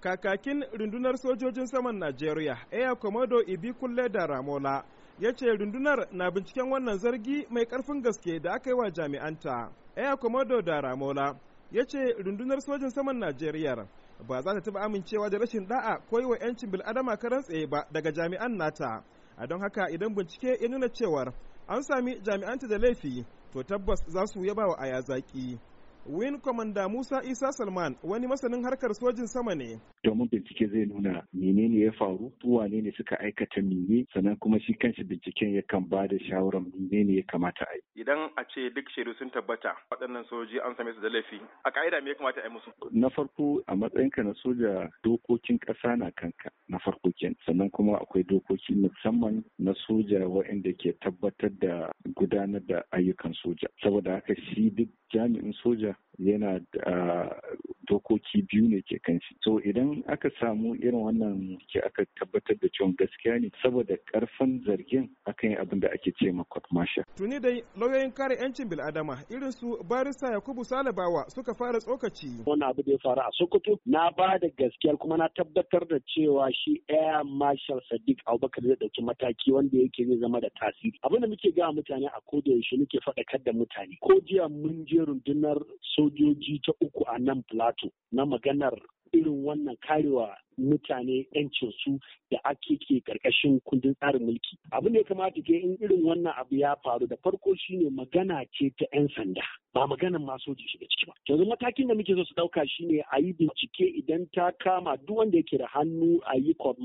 kakakin rundunar sojojin saman najeriya air komodo ibi da ramola ya ce rundunar na binciken wannan zargi mai karfin gaske da aka yi wa jami'anta air komodo da ramola ya ce rundunar sojin saman najeriya ba za ta taba amincewa da rashin da'a ko yi wa 'yancin bil'adama karan tsaye ba daga jami'an nata a don haka idan bincike ya nuna cewar an sami jami'anta da laifi to tabbas za su yaba wa aya zaki Win Commander Musa Isa Salman wani masanin harkar sojin sama ne. Domin bincike zai nuna menene ya faru, tuwa ne suka aikata mene, sannan kuma shi kanshi binciken yakan ba da shawarar menene ya kamata a yi. Idan a ce duk shaidu sun tabbata waɗannan soji an same su da laifi, a ƙa'ida me ya kamata a yi musu? Na farko a matsayinka na soja dokokin ƙasa na kanka na farko kenan, sannan kuma akwai dokoki musamman na soja waɗanda ke tabbatar da gudanar da ayyukan soja. Saboda haka shi duk jami'in soja yana da uh, dokoki biyu ne ke kanshi so idan aka samu irin wannan ke aka tabbatar da cewa gaskiya ne saboda karfin zargin akan abin da ake ce ma court martial tuni dai lauyoyin kare yancin bil'adama irin su barista yakubu salabawa suka fara tsokaci wani abu da ya faru a sokoto na ba da gaskiyar kuma na tabbatar da cewa shi air marshal sadiq abubakar zai dauki mataki wanda yake zai zama da tasiri abin da muke ga mutane a koda yaushe muke faɗakar da mutane ko jiya mun je rundunar sojoji ta uku a nan plateau na maganar irin wannan karewa mutane yancin su da ake ke karkashin kundin tsarin mulki abin da ya kamata ke in irin wannan abu ya faru da farko shine magana ce ta 'yan sanda ba maganan ma soji shiga ciki ba yanzu matakin da muke so su dauka shine a yi bincike idan ta kama duk wanda yake da hannu a yi court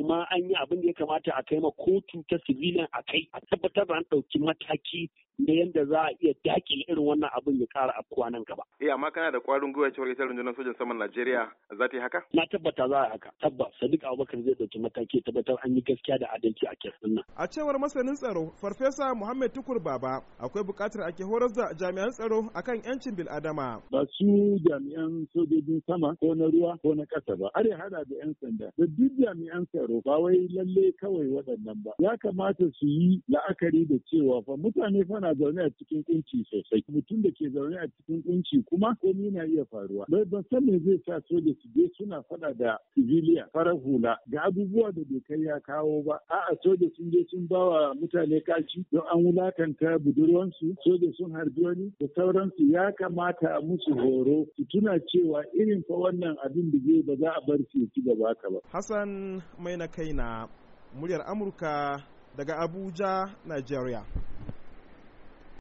kuma an yi abin da ya kamata a kai ma kotu ta civilian a kai a tabbatar da an dauki mataki na yadda za a iya daƙi irin wannan abin ya kara afkuwa nan gaba eh amma kana da ƙwarin gwiwa cewa ita rundunar sojan saman Najeriya za ta yi haka na tabbata za a haka tabbas sadiq abubakar zai dauki mataki tabbatar an yi gaskiya da adalci a din nan a cewar masanin tsaro farfesa muhammad tukur baba akwai buƙatar ake horar da jami'an tsaro akan yancin bil'adama ba su jami'an sojojin sama ko na ruwa ko na ƙasa ba are hada da yan sanda da duk jami'an tsaro ba wai lalle kawai waɗannan ba ya kamata su yi la'akari da cewa fa mutane fa zaune a cikin kunci sosai mutum da ke zaune a cikin kunci kuma komai na iya faruwa ban san me zai sa soja su je suna faɗa da civilia farar hula ga abubuwa da bai kai ya kawo ba a'a soja sun je sun ba wa mutane kashi don an wulakanta budurwansu soja sun harbi wani da sauransu ya kamata musu horo su tuna cewa irin fa wannan abin da zai ba za a bar su ci gaba ka ba hassan mai na kai na muryar amurka daga abuja nigeria